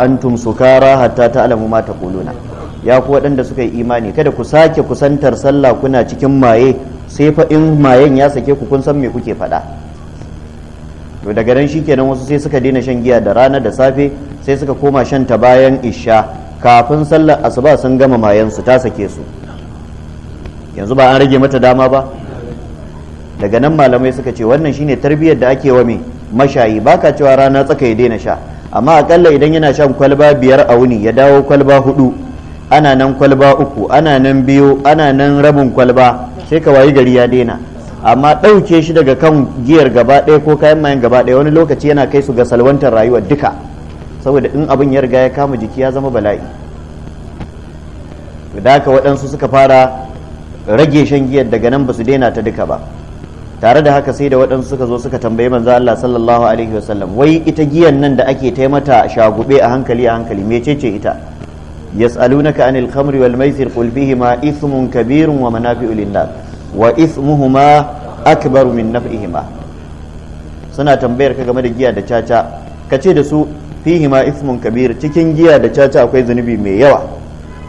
antum sukara hatta ta'lamu ma taquluna ya ku waɗanda suka yi imani kada ku sake kusantar sallah kuna cikin maye sai fa in mayen ya sake ku kun san me kuke faɗa to daga nan shikenan wasu sai suka daina shan giya da rana da safe sai suka koma shan ta bayan isha kafin sallar asuba sun gama mayen su ta sake su yanzu ba an rage mata dama ba daga nan malamai suka ce wannan shine tarbiyyar da ake wa me mashayi baka cewa rana tsaka ya daina sha amma akalla idan yana shan kwalba biyar a wuni ya dawo kwalba hudu ana nan kwalba uku ana nan biyu ana nan rabin kwalba sai ka wayi gari ya daina amma ɗauke shi daga kan giyar gaba ɗaya ko kayan mayan gaba ɗaya wani lokaci yana kai su ga salwantar rayuwa duka saboda in abin ya riga ya kama jiki ya zama bala'i da haka waɗansu suka fara rage shan giyar daga nan ba su daina ta duka ba tare da haka sai da waɗansu suka zo suka tambayi manzo Allah sallallahu alaihi wasallam wai ita giyan nan da ake taimata shagube a hankali a hankali mecece ita yas'alunaka anil khamri wal maisir qul bihima ithmun kabirun wa manafi'u lin-nas wa ithmuhuma akbaru min naf'ihima suna tambayar ka game da giya da caca kace da su fihima ithmun kabir cikin giya da caca akwai zunubi mai yawa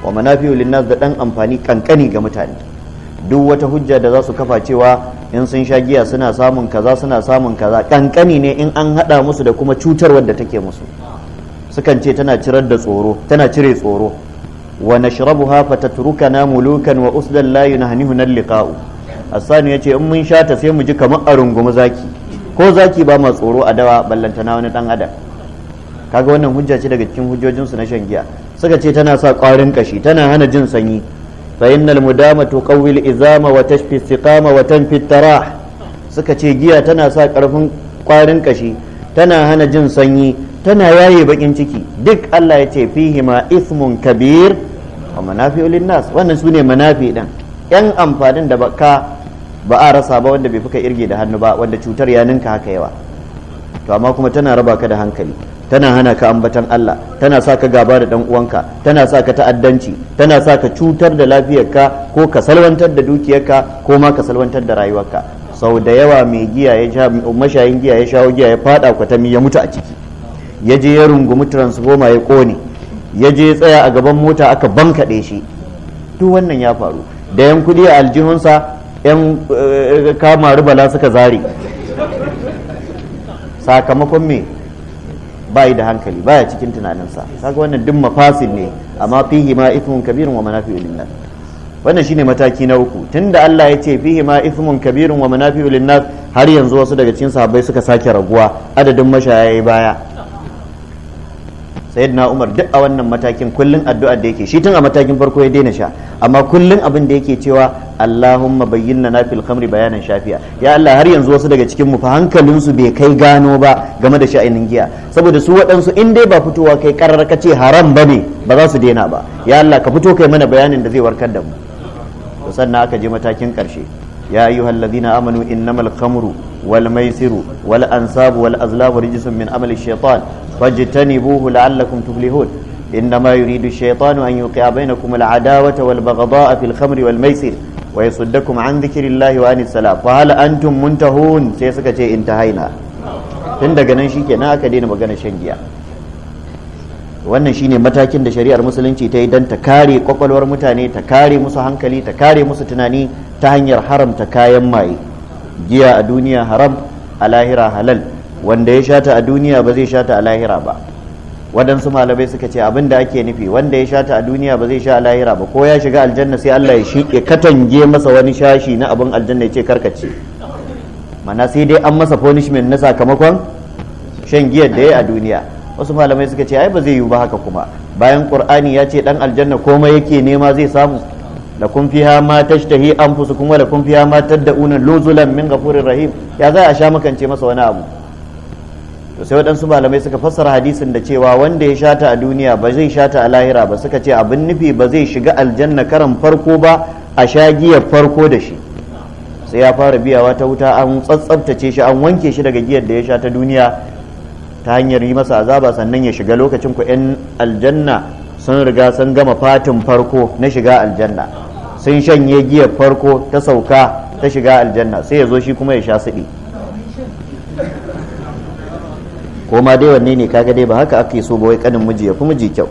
wa manafi'u lin da dan amfani kankani ga mutane duk wata hujja da za su kafa cewa in sun sha giya suna samun kaza suna samun kaza kankani ne in an hada musu da kuma cutar wanda take musu sukan ce tana cirar da tsoro tana cire tsoro wa nashrabuha fatatrukana mulukan wa usdan la nal liqa'u asani yace in mun sha ta sai mu ji kamar a rungumi zaki ko zaki ba ma tsoro a dawa Ballanta na wani dan adam kaga wannan hujja ce daga cikin hujjojinsu na shan giya suka ce tana sa ƙwarin kashi tana hana jin sanyi فإن المدامة تقوي الإزامة وتشفي السقامة وتنفي التراح suka ce giya tana sa karfin ƙwarin ƙashi tana hana jin sanyi tana yaye baƙin ciki duk Allah ya ce fihi ismun kabir wa manafi nas wannan su ne manafi ɗin yan amfanin da baka ba rasa ba wanda bai fuka kirge da hannu ba wanda cutar ya ninka haka yawa to amma kuma tana raba ka da hankali tana hana ka ambatan Allah tana sa ka gaba da dan uwanka tana sa ka ta'addanci tana sa ka cutar da lafiyarka ko ka salwantar da dukiyarka ko ma ka salwantar da rayuwarka sau da yawa mai giya ya sha mashayin giya ya shawo giya ya fada kwatami ya mutu a ciki ya je ya rungumi transformer ya kone ya je ya tsaya a gaban mota aka bankaɗe shi duk wannan ya faru da yan kudi a aljihunsa yan eh, kama rubala suka zare sakamakon me bai da hankali baya cikin tunaninsa kaga wannan duk mafasil ne amma fihi ma ithmun kabirun wa manafi'u linnas wannan shine mataki na uku tunda Allah ya ce fihi ma ithmun kabirun wa manafi'u linnas har yanzu wasu daga cikin sahabbai suka sake raguwa adadin mashaya baya sayyidina umar duk a wannan matakin kullun addu'a da yake shi tun a matakin farko ya daina sha amma kullun abin da yake cewa allahumma bayyana na fil khamri bayanan shafiya ya allah har yanzu wasu daga cikin mu fa hankalinsu bai kai gano ba game da sha'anin giya saboda su waɗansu in dai ba fitowa kai karar ka ce haram ba ne ba za su daina ba ya allah ka fito kai mana bayanin da zai warkar da mu sannan aka je matakin karshe ya ayyuhal ladina amanu innamal khamru wal maisiru wal ansabu wal azlabu rijisun min amali shaitan فاجتنبوه لعلكم تفلحون إنما يريد الشيطان أن يوقع بينكم العداوة والبغضاء في الخمر والميسر ويصدكم عن ذكر الله وعن السلام فهل أنتم منتهون سيسكة انتهينا tun daga nan shi kenan aka daina magana shan giya wannan shine matakin da shari'ar musulunci ta yi don ta kare kwakwalwar mutane ta kare musu hankali ta kare musu tunani ta hanyar haramta kayan maye giya a duniya haram a lahira halal wanda ya shata a duniya ba zai shata a lahira ba waɗansu malamai suka ce abin da ake nufi wanda ya shata a duniya ba zai sha a lahira ba ko ya shiga aljanna sai Allah ya shi ya katange masa wani shashi na abin aljanna ya ce karkace mana sai dai an masa punishment na sakamakon shan giyar da ya a duniya wasu malamai suka ce ai ba zai yiwu ba haka kuma bayan qur'ani ya ce dan aljanna komai yake nema zai samu kun fiha ma tashtahi anfusukum wa kun fiha ma tad'una luzulan min ghafurir rahim ya za a sha makance masa wani abu to sai waɗansu malamai suka fassara hadisin da cewa wanda ya shata a duniya ba zai shata a lahira ba suka ce abin nufi ba zai shiga aljanna karan farko ba a shagiyar farko da shi sai ya fara biyawa ta wuta an tsatsabtace shi an wanke shi daga giyar da ya sha ta duniya ta hanyar yi masa azaba sannan ya shiga lokacin ku 'yan aljanna sun riga sun gama fatin farko na shiga aljanna sun shanye giyar farko ta sauka ta shiga aljanna sai ya zo shi kuma ya sha suɗi. ko ma dai wanne ne kaga dai ba haka ake so ba wai kanin miji ya fi miji kyau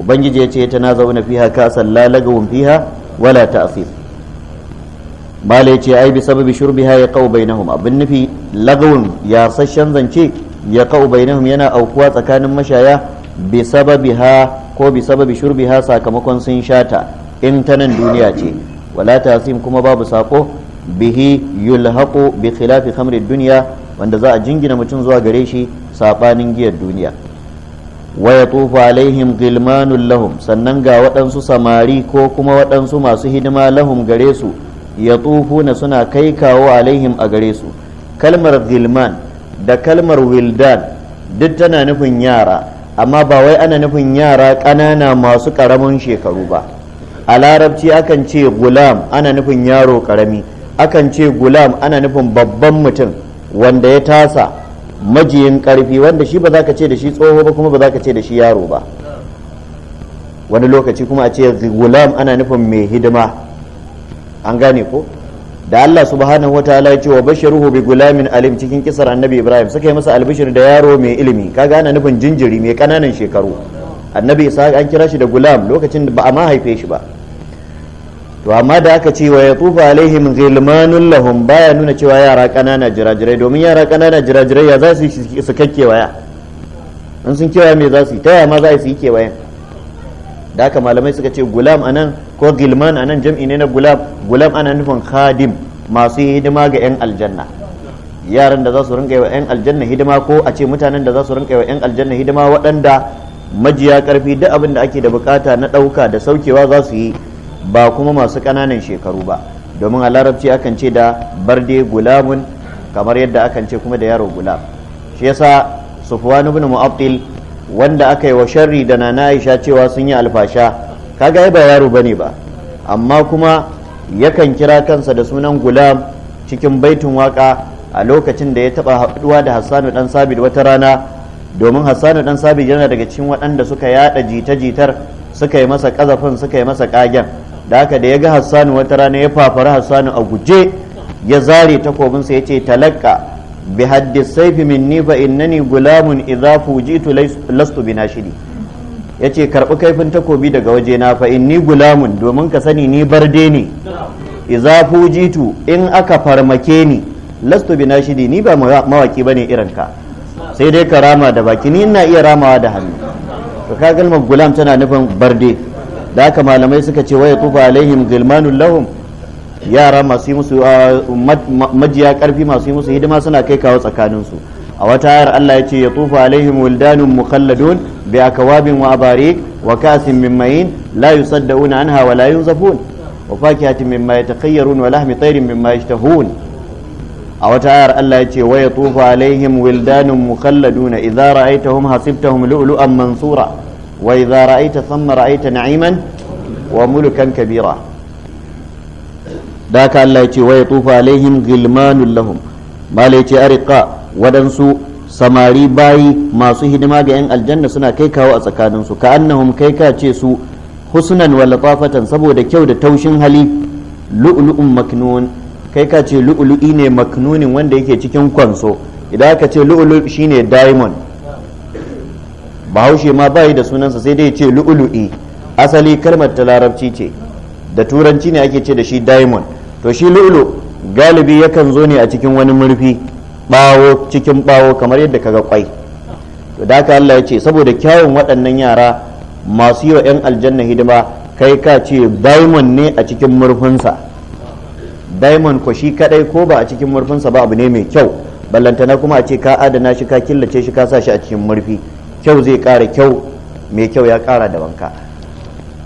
ubangiji ya ce tana zauna fiha salla lagawun fiha wala ta'sir mala ya ce ai bi sababi shurbiha ya qau bainahum abin nufi lagawun ya sashen zance ya qau bainahum yana aukuwa tsakanin mashaya bi sababiha ko bi sababi shurbiha sakamakon sun shata in ta nan duniya ce wala ta'sim kuma babu sako bihi yulhaqu bi khilafi khamri dunya wanda za a jingina mutum zuwa gare shi saɓanin giyar duniya waya tufa alaihim gilmanun lahum sannan ga waɗansu samari ko kuma waɗansu masu hidima lahum gare su ya tufu na suna kai kawo alaihim a gare su kalmar gilman da kalmar wildan duk tana nufin yara amma ba wai ana nufin yara ƙanana masu ƙaramin shekaru ba a larabci akan ce gulam ana nufin yaro ƙarami akan ce gulam ana nufin babban mutum wanda ya tasa majiyin karfi wanda shi ba za ka ce da shi tsoho ba kuma ba za ka ce da shi yaro ba wani lokaci kuma a ce gulam ana nufin mai hidima an gane ko da Allah subhanahu wataala ya ce wa bashiruhu bi gulamin alim cikin kisar annabi Ibrahim suka yi masa albishir da yaro mai ilimi kaga ana nufin jinjiri mai kananan shekaru annabi Isa an kira shi da gulam lokacin da ba a ma haife shi ba to amma da aka ce wa ya tufa alaihim ghilmanun lahum baya nuna cewa yara kanana jirajirai domin yara kanana jirajirai ya za su su waya in sun kewaya me za su yi ta yaya ma za su yi kewayen da aka malamai suka ce gulam anan ko gilman anan jam'i ne na gulam gulam ana nufin khadim masu hidima ga 'yan aljanna yaran da za su rinka yi wa 'yan aljanna hidima ko a ce mutanen da za su rinka yi wa 'yan aljanna hidima waɗanda majiya karfi duk abin da ake da bukata na ɗauka da saukewa za su yi ba kuma masu ƙananan shekaru ba domin a larabci akan ce da barde gulamun kamar yadda akan ce kuma da yaro gulam shi yasa sufwan ibn mu'attil wanda aka yi wa sharri da nana aisha cewa sun yi alfasha kaga ba yaro bane ba amma kuma yakan kira kansa da sunan gulam cikin baitin waka a lokacin da ya taba haɗuwa da hassanu dan sabid wata rana domin hassanu dan sabid yana daga cikin waɗanda suka yada jita-jitar suka yi masa ƙazafin suka yi masa kagen da haka da ya ga hassanu wata rana ya fafara hassanu a guje ya zare takobinsa ya ce talakka bi haddis saifi minni fa innani gulamun idza fujitu lastu binashidi ya ce karɓi kaifin takobi daga waje na fa inni gulamun domin ka sani ni barde ne idza fujitu in aka farmake ni lastu binashidi ni ba mawaki bane irin ka sai dai ka rama da baki ni ina iya ramawa da hannu to ka gulam tana nufin barde da haka malamai suka ce waya tufa alaihim gilmanul lahum yara masu yi musu ah, majiya karfi masu yi musu hidima suna kai kawo tsakanin su a wata ayar Allah ya ce ya tufa alaihim wildanun mukhalladun bi akawabin wa abarik wa kasin min mayin la yusaddauna anha wa la yunzafun wa fakihatin mimma yatakhayyarun wa lahmi tayrin mimma yashtahun a wata ayar Allah ya ce wa ya tufa alaihim wildanun mukhalladun idza ra'aytahum hasibtahum lu'lu'an mansura wa idza ra'aita thumma ra'aita na'iman wa mulkan kabira da ka Allah ce wa yatufu alaihim gilmanul lahum mala ce ariqa wadansu samari bayi masu hidima ga yan aljanna suna kai kawo a tsakaninsu ka annahum kai ka ce su husnan wa latafatan saboda kyau da taushin hali lu'lu'un maknun kai ka ce lu'lu'i ne maknunin wanda yake cikin kwanso idan aka ce lu'lu shine diamond bahaushe ma bayi da sunansa sai dai ce lu'ulu'i asali kalmar ta larabci ce da turanci ne ake ce da shi diamond to shi lu'ulu galibi yakan zo ne a cikin wani murfi bawo cikin bawo kamar yadda kaga kwai to da haka Allah ya ce saboda kyawun waɗannan yara masu yi wa 'yan aljanna hidima kai ka ce diamond ne a cikin murfinsa diamond ko shi kadai ko ba a cikin murfinsa ba abu ne mai kyau ballantana kuma a ce ka adana shi ka killace shi ka sa shi a cikin murfi kyau zai ƙara kyau mai kyau ya ƙara da wanka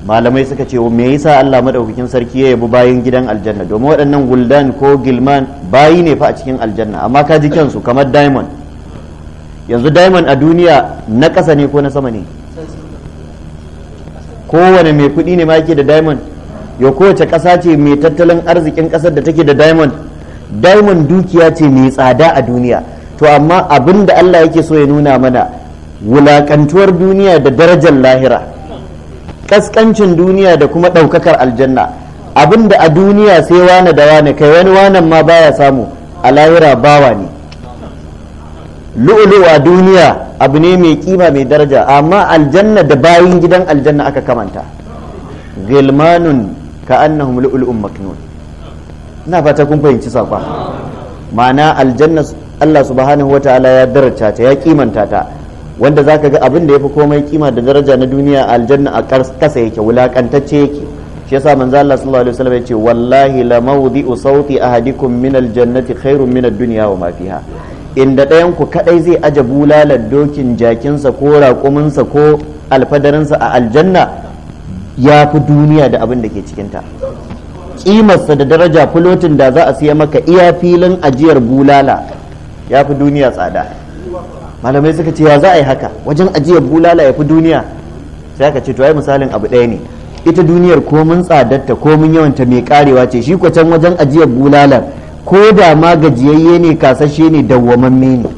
malamai suka ce me yasa Allah madaukakin sarki ya yabi bayan gidan aljanna domin waɗannan guldan ko gilman bayi ne fa a cikin aljanna amma ka ji kansu kamar diamond yanzu diamond a duniya na ƙasa ne ko na sama ne kowane mai kuɗi ne ma yake da diamond ya kowace ƙasa ce mai tattalin arzikin ƙasar da take da diamond diamond dukiya ce mai tsada a duniya to amma abin da Allah yake so ya nuna mana wulakantuwar duniya da darajar lahira Ƙasƙancin duniya da kuma ɗaukakar aljanna abinda a duniya sai wane da wane kai wani wanan ma baya samu a lahira bawa ne lu'ulu a duniya abu ne mai kima mai daraja amma aljanna da bayin gidan aljanna aka kamanta gilmanun ka annahum maknun ina fata kun fahimci sakwa ma'ana aljanna Allah subhanahu wa ta'ala ya daraja ta ya kimanta ta wanda za ka ga abin da ya fi komai kima da daraja na duniya a aljanna a kasa yake wulakantacce yake shi yasa manzo Allah sallallahu alaihi wasallam yace wallahi la mawdi'u sawti ahadikum min aljannati khairun min ad-dunya wa ma fiha inda ɗayan ku kadai zai aje bulalar dokin jakinsa ko raƙuminsa ko alfadarinsa a aljanna ya fi duniya da abin da ke cikinta kimarsa da daraja fulotin da za a siya maka iya filin ajiyar bulala ya fi duniya tsada malamai suka ce ya za a yi haka wajen ajiyar bulala ya fi duniya sai aka ce to ai misalin abu ɗaya ne ita duniyar ko mun tsadarta ko mun yawanta mai karewa ce shi ko can wajen ajiyar bulalar ko da ma gajiyayye ne kasashe ne dawwamamme ne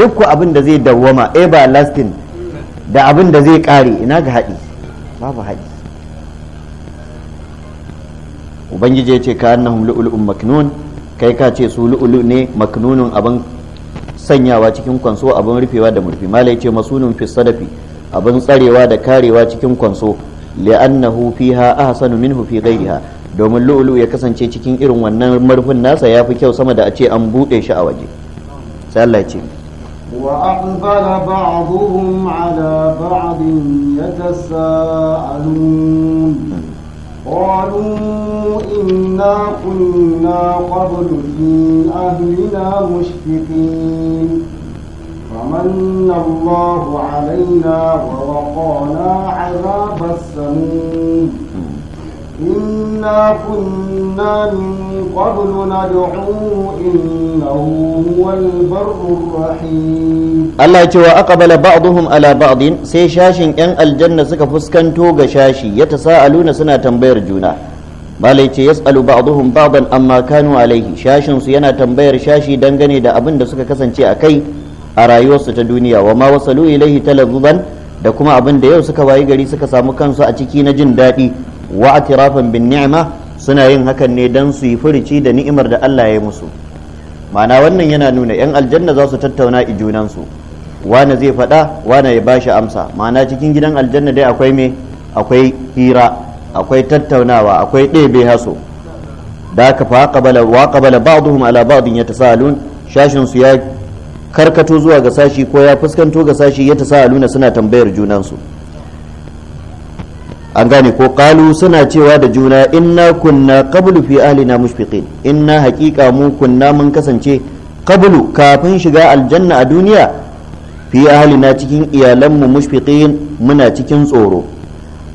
duk ku abin da zai dawwama eba eh, lastin da abin da zai kare ina ga haɗi babu haɗi ubangiji ya ce ka annahum lu'lu'un maknun kai ka ce su lu'lu ne maknunun abin sanyawa cikin kwanso abin rufewa da murfi malai ce masunun fi sadafi abin tsarewa da karewa cikin kwanso li'annahu fiha ahsanu minhu fi ghayriha domin lu'u ya kasance cikin irin wannan marfin nasa ya fi kyau sama da a ce an bude shi a waje sai Allah ce aqbala بعضهم ala ba'din يتساءلون qalu inna kunna كنا قبل في أهلنا مشفقين فمن الله علينا ووقانا عذاب السموم إنا كنا من قبل ندعوه إنه هو البر الرحيم الله يتوى أقبل بعضهم على بعض سيشاش إن الجنة سكفسكنتو غشاشي يتساءلون سنة تنبير جونه malai ce ya a zuhun baban amma kanu alaihi shashinsu su yana tambayar shashi dangane da abin da suka kasance a kai a rayuwarsu ta duniya wa ma wasalu ilaihi talazzuban da kuma abin da yau suka wayi gari suka samu kansu a ciki na jin daɗi wa atirafan bin ni'ima suna yin hakan ne don su yi furici da ni'imar da Allah ya yi musu ma'ana wannan yana nuna yan aljanna za su tattauna ijunansu wane zai faɗa wane ya bashi amsa ma'ana cikin gidan aljanna dai akwai me akwai hira akwai tattaunawa akwai ɗebe haso da aka fa qabala wa qabala ba'dhum ala ba'din yatasalun shashin su ya karkato zuwa ga sashi ko ya fuskanto ga sashi yatasaluna suna tambayar junansu? an gane ko kalu suna cewa da juna inna kunna qablu fi ahlina mushfiqin inna haqiqa mu kunna mun kasance qablu kafin shiga aljanna a duniya fi ahlina cikin iyalanmu mushfiqin muna cikin tsoro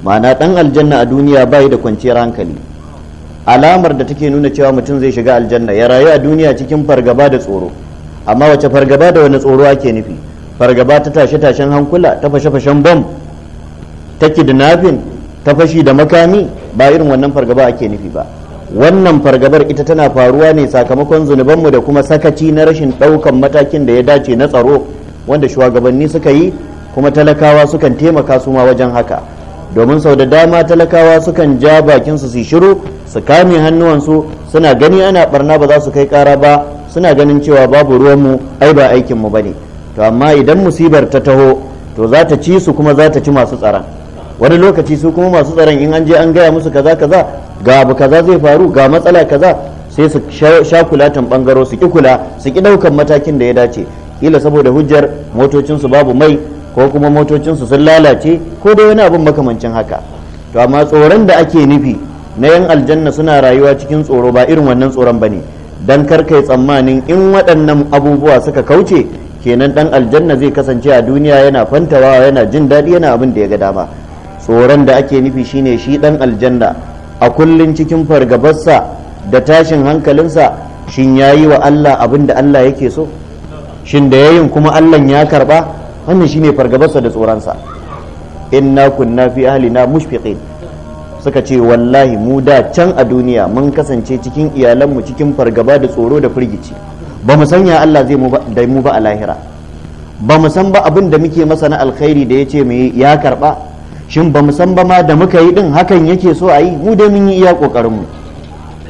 ma'ana dan aljanna a duniya bai da kwanciyar hankali alamar da take nuna cewa mutum zai shiga aljanna ya rayu a duniya cikin fargaba da tsoro amma wace fargaba da wani tsoro ake nufi fargaba ta tashe-tashen hankula ta fashe-fashen bom ta kidnapping ta fashi da makami ba irin wannan fargaba ake nufi ba wannan fargabar ita tana faruwa ne sakamakon mu da kuma sakaci na rashin daukan matakin da ya dace na tsaro wanda shugabanni suka yi kuma talakawa sukan taimaka su ma wajen haka domin sau da dama talakawa sukan ja bakinsu su shiru su kame hannuwansu suna gani ana barna ba za su kai kara ba suna ganin cewa babu ruwanmu ai ba aikinmu ba ne to amma idan musibar ta taho to za ta ci su kuma za ta ci masu tsaron wani lokaci su kuma masu tsaron in an je an gaya musu kaza kaza ga abu kaza zai faru ga matsala kaza sai su sha kulatan bangaro su ki kula su ki daukan matakin da ya dace kila saboda hujjar motocinsu babu mai ko kuma motocinsu sun lalace ko dai wani abin makamancin haka to amma tsoron da ake nufi na yan aljanna suna rayuwa cikin tsoro ba irin wannan tsoron ba ne don karkai tsammanin in waɗannan abubuwa suka kauce kenan ɗan aljanna zai kasance a duniya yana fantawa yana jin daɗi yana abin da ya ga dama tsoron da ake nufi shine shi ɗan aljanna a kullum cikin fargabarsa da tashin hankalinsa shin ya yi wa allah abin da allah yake so shin da yayin kuma allah ya karɓa wannan shine fargabarsa da tsoronsa na kunna fi na mushfiqin suka ce wallahi mu da can a duniya mun kasance cikin iyalanmu cikin fargaba da tsoro da firgici ba mu sanya Allah zai da mu ba a lahira ba mu san ba abin da muke masa na alkhairi da ya ce ya karba shin ba mu san ba ma da muka yi din hakan yake so a yi mu da mun yi iya kokarinmu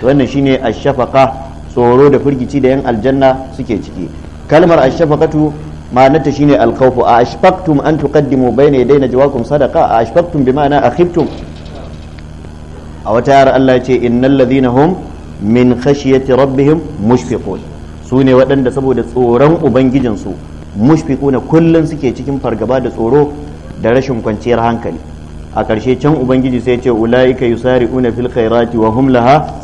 wannan shine ashafaka tsoro da firgici da yan aljanna suke ciki kalmar ashafakatu. ma'anarta shine alkhawfu a ashfaqtum an tuqaddimu bayna yaday najwakum sadaqa a ashfaqtum bi ma'ana akhiftum a wata yara Allah ce innal ladhina hum min khashyati rabbihim mushfiqun su ne waɗanda saboda tsoron ubangijinsu mushfiquna kullun suke cikin fargaba da tsoro da rashin kwanciyar hankali a ƙarshe can ubangiji sai ce ula'ika yusari'una fil khairati wa hum laha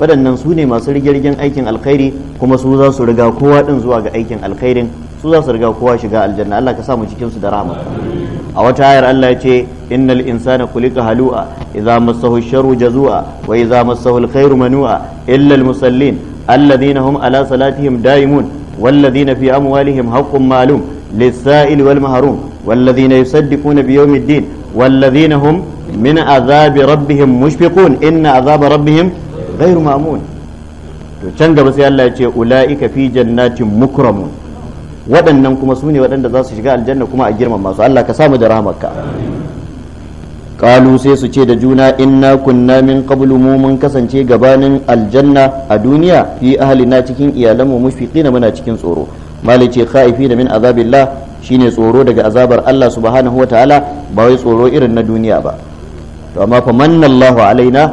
waɗannan su ne masu rigirgin aikin alkhairi kuma su zasu riga kowa ɗin zuwa ga aikin alkhairin su za su riga kowa shiga aljanna Allah ka samu cikin su da rahama a wata ayar Allah ya ce innal insana kulika halu'a idza massahu sharru jazua wa idza massahu alkhairu manua illa almusallin alladhina hum ala salatihim daimun والذين في أموالهم حق معلوم للسائل والمحروم والذين يصدقون بيوم الدين والذين هم من عذاب ربهم مشفقون إن عذاب ربهم غير مأمون to can gaba sai Allah ya ce ula'ika fi jannatin mukramun waɗannan kuma su ne waɗanda za su shiga aljanna kuma a girmama su Allah ka samu da rahamarka kalu sai su ce da juna inna kunna min qablu mu mun kasance gabanin aljanna a duniya fi ahlina cikin iyalanmu mushfiqina muna cikin tsoro malice da min azabillah shine tsoro daga azabar Allah subhanahu wataala ba wai tsoro irin na duniya ba to amma fa manallahu alaina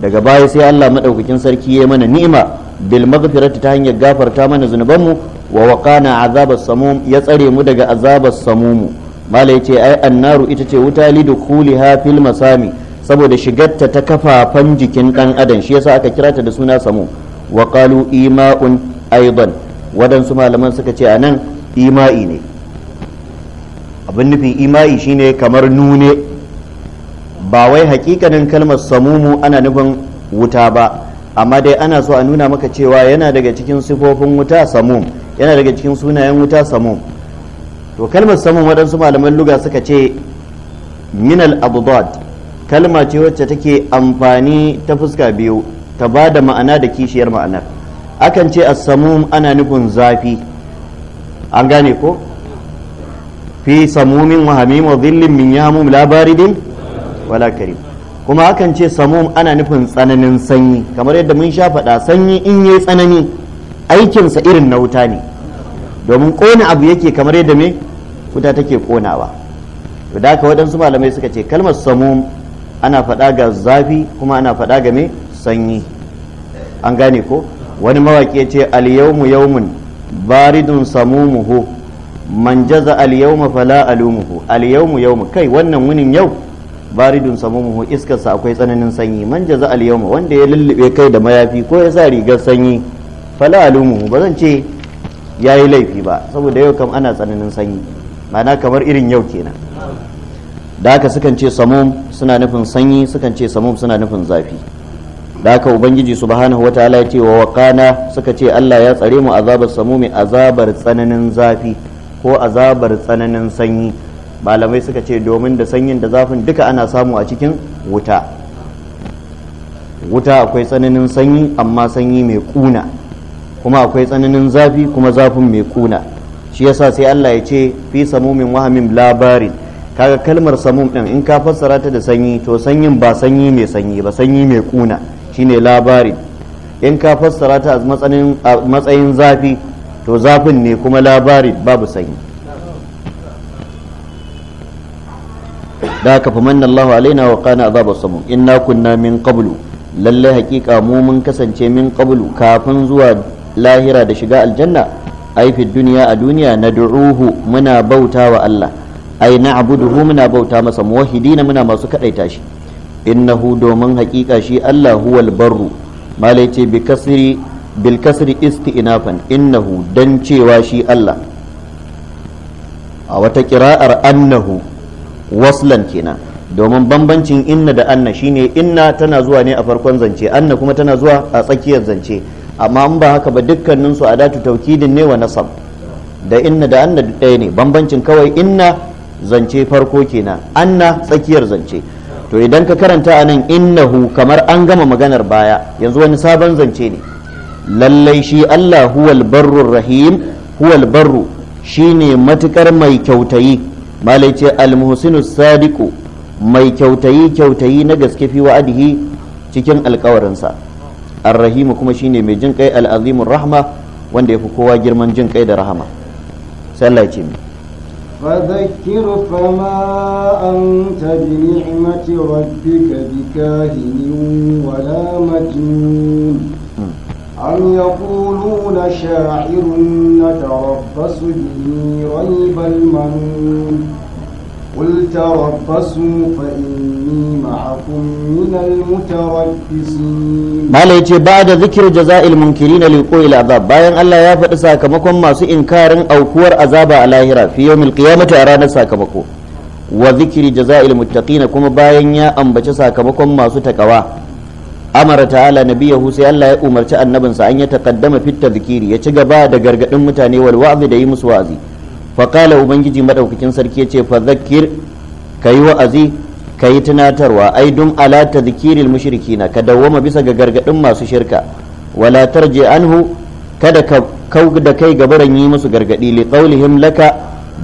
daga baya sai Allah maɗaukakin sarki ya mana ni'ima bil maghfirati ta hanyar gafarta mana zunubanmu wa waqana azabar samum ya tsare mu daga azabar samumu malai ce ai annaru ita ce wuta lidukuliha fil masami saboda shigarta ta kafafan jikin dan adam shi yasa aka kira ta da suna samu wa qalu ima'un aidan wadansu malaman suka ce anan ima'i ne abin nufin ima'i shine kamar nune ba wai hakikanin kalmar samumu ana nufin wuta ba amma dai ana so a nuna maka cewa yana daga cikin sifofin wuta samum yana daga cikin sunayen wuta samu to kalmar samun waɗansu malaman luga suka ce minal abdad kalma ce wacce take amfani ta fuska biyu ta ba da ma'ana da kishiyar ma'anar akan ce a samu ana nufin zafi an gane ko fi samumin wa wa zillin min yamum la wala karim kuma akan ce samu ana nufin tsananin sanyi kamar yadda mun sha faɗa sanyi in yi tsanani aikinsa irin na wuta ne domin ƙona abu yake kamar yadda me wuta take ƙonawa to da haka waɗansu malamai suka ce kalmar samum ana faɗa ga zafi kuma ana faɗa ga me sanyi an gane ko wani mawaƙi ya ce alyawmu yawmun baridun samumuhu man jaza alyawma fala alumuhu alyawmu yawmu kai wannan wunin yau baridun samumuhu iskarsa akwai tsananin sanyi man jaza alyawma wanda ya lullube kai da mayafi ko ya sa rigar sanyi fala alumuhu ba zan ce ya yi laifi ba saboda yau kam ana tsananin sanyi mana kamar irin yau kenan da haka sukan ce samum suna nufin sanyi sukan ce samum suna nufin zafi da haka ubangiji subhanahu wataala ya ce wa waqana suka ce Allah ya tsare mu azabar samumi azabar tsananin zafi ko azabar tsananin sanyi malamai suka ce domin da sanyin da zafin duka ana samu a cikin wuta wuta akwai tsananin sanyi amma sanyi mai kuna kuma akwai tsananin zafi kuma zafin mai kuna shi yasa sai Allah ya ce fi samumin wahamin labari kaga kalmar samum ɗin in ka fassara ta da sanyi to sanyin ba sanyi mai sanyi ba sanyi mai kuna shine labarin in ka fassara ta a matsayin zafi to zafin ne kuma labarin babu sanyi da aka fi manna Allah alaina wa kana azaba samu inna kunna min qablu lalle hakika mu mun kasance min qablu kafin zuwa lahira da shiga aljanna ai fi duniya a duniya nad'uhu muna bauta wa Allah ai na'buduhu muna bauta masa muwahidina muna masu kadaita shi innahu domin haƙiƙa shi Allah huwal barru malai ce bi kasri bil kasri isti'nafan innahu dan cewa shi Allah a wata kira'ar annahu waslan kenan domin bambancin inna da anna shine inna tana zuwa ne a farkon zance anna kuma tana zuwa a tsakiyar zance amma in ba haka ba dukkanin su datu taukidin ne wa nasab da inna da anna duk ɗaya ne bambancin kawai inna zance farko kenan anna tsakiyar zance to idan ka karanta a nan innahu kamar an gama maganar baya yanzu wani sabon zance ne lallai shi Allah huwal barrur rahim huwal barru shine matukar mai kyautayi malai ce almuhsinu sadiku mai kyautayi kyautayi na gaske fi wa'adihi cikin alkawarinsa arrahimu kuma shine mai jin kai al'azimun rahma wanda ya fi kowa girman jin kai da rahama sallah ce mai فذكر فما أنت بنعمة ربك بكاهن ولا مجنون أم يقولون شاعر نتربص به ريب المنون tarabbasu ya malai ce ba da zikir jaza'il munkirin liqo'il azab bayan Allah ya faɗi sakamakon masu inkarin aukuwar azaba a lahira fi yawmil a ranar sakamako wa zikiri jaza'il muttaqina kuma bayan ya ambaci sakamakon masu takawa amara ta'ala nabiyahu sai Allah ya umarci annabinsa an ya taqaddama fitta zikiri ya ci gaba da gargadin mutane wal wa'azi da yi musu wa'azi fa qala ubangiji madaukakin sarki ce fa zakkir ka yi wa'azi ka yi tunatarwa ai dun ala tadhkiril na ka dawwama bisa ga gargaɗin masu shirka wala tarje anhu kada ka kau da kai gabaran yi musu gargadi li qaulihim laka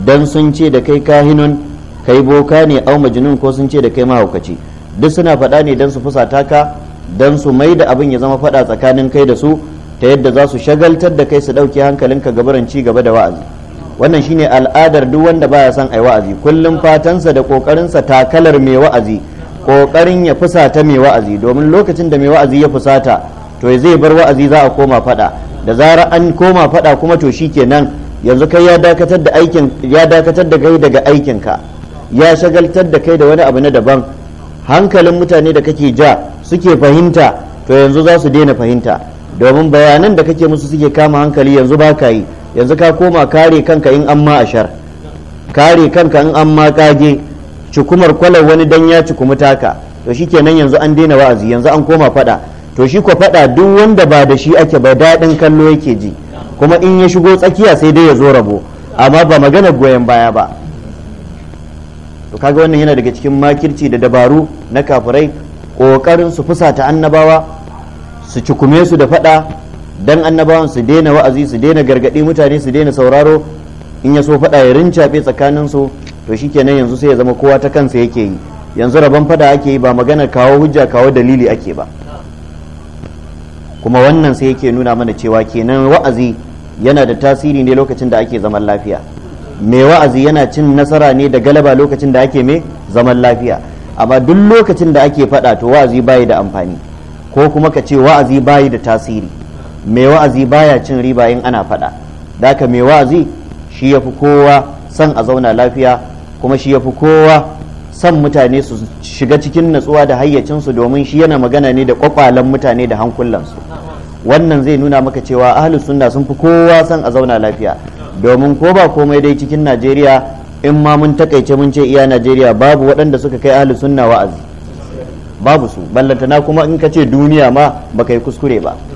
dan sun ce da kai kahinun kai boka ne au majnun ko sun ce da kai mahaukaci duk suna faɗa ne dan su fusata ka dan su mai da abin ya zama faɗa tsakanin kai da su ta yadda za su shagaltar da kai su ɗauki hankalinka gabaran ci gaba da wa'azi wannan shine al'adar duk wanda baya son ai wa'azi kullum fatansa da kokarinsa takalar mai wa'azi kokarin ya fusata mai wa'azi domin lokacin da mai wa'azi ya fusata to zai bar wa'azi za a koma fada da zara an koma fada kuma to shikenan yanzu kai ya dakatar da aikin ya dakatar da kai daga aikinka ya shagaltar da kai da wani abu na daban hankalin mutane da kake ja suke fahimta to yanzu za su daina fahimta domin bayanan da kake musu suke kama hankali yanzu ba ka yi yanzu ka koma kare kanka in an ma ashar kare kanka in an ma kage cikumar kwalar wani dan ya kuma taka to shi kenan yanzu an daina wa'azi yanzu an koma fada to shi ko fada duk wanda ba da shi ake ba daɗin kallo yake ji kuma in ya shigo tsakiya sai dai ya zo rabo amma ba magana goyon baya ba to kaga wannan yana daga cikin makirci da dabaru na kafirai kokarin su fusata annabawa su cikume su da fada dan annabawan su daina wa'azi su daina gargadi mutane su daina sauraro in ya so fada ya rincafe tsakanin su to shikenan yanzu sai ya zama kowa ta kansa yake yi yanzu rabon fada ake yi ba magana kawo hujja kawo dalili ake ba kuma wannan sai yake nuna mana cewa kenan wa'azi yana da tasiri ne lokacin da ake zaman lafiya mai wa'azi yana cin nasara ne da galaba lokacin da ake mai zaman lafiya amma duk lokacin da ake fada to wa'azi bayi da amfani ko kuma ka ce wa'azi bayi da tasiri mai wa'azi baya cin riba in ana faɗa daka mai wa'azi shi ya fi kowa son a zauna lafiya kuma shi ya fi kowa son mutane su shiga cikin natsuwa da hayyacinsu domin shi yana magana ne da kwakwalen mutane da hankulansu wannan zai nuna maka cewa ahli sunna sun fi kowa son a zauna lafiya domin ko ba komai dai cikin najeriya in ma mun takaice mun ce iya najeriya babu waɗanda suka kai ahli sunna wa'azi babu su ballantana kuma in ka ce duniya ma baka yi kuskure ba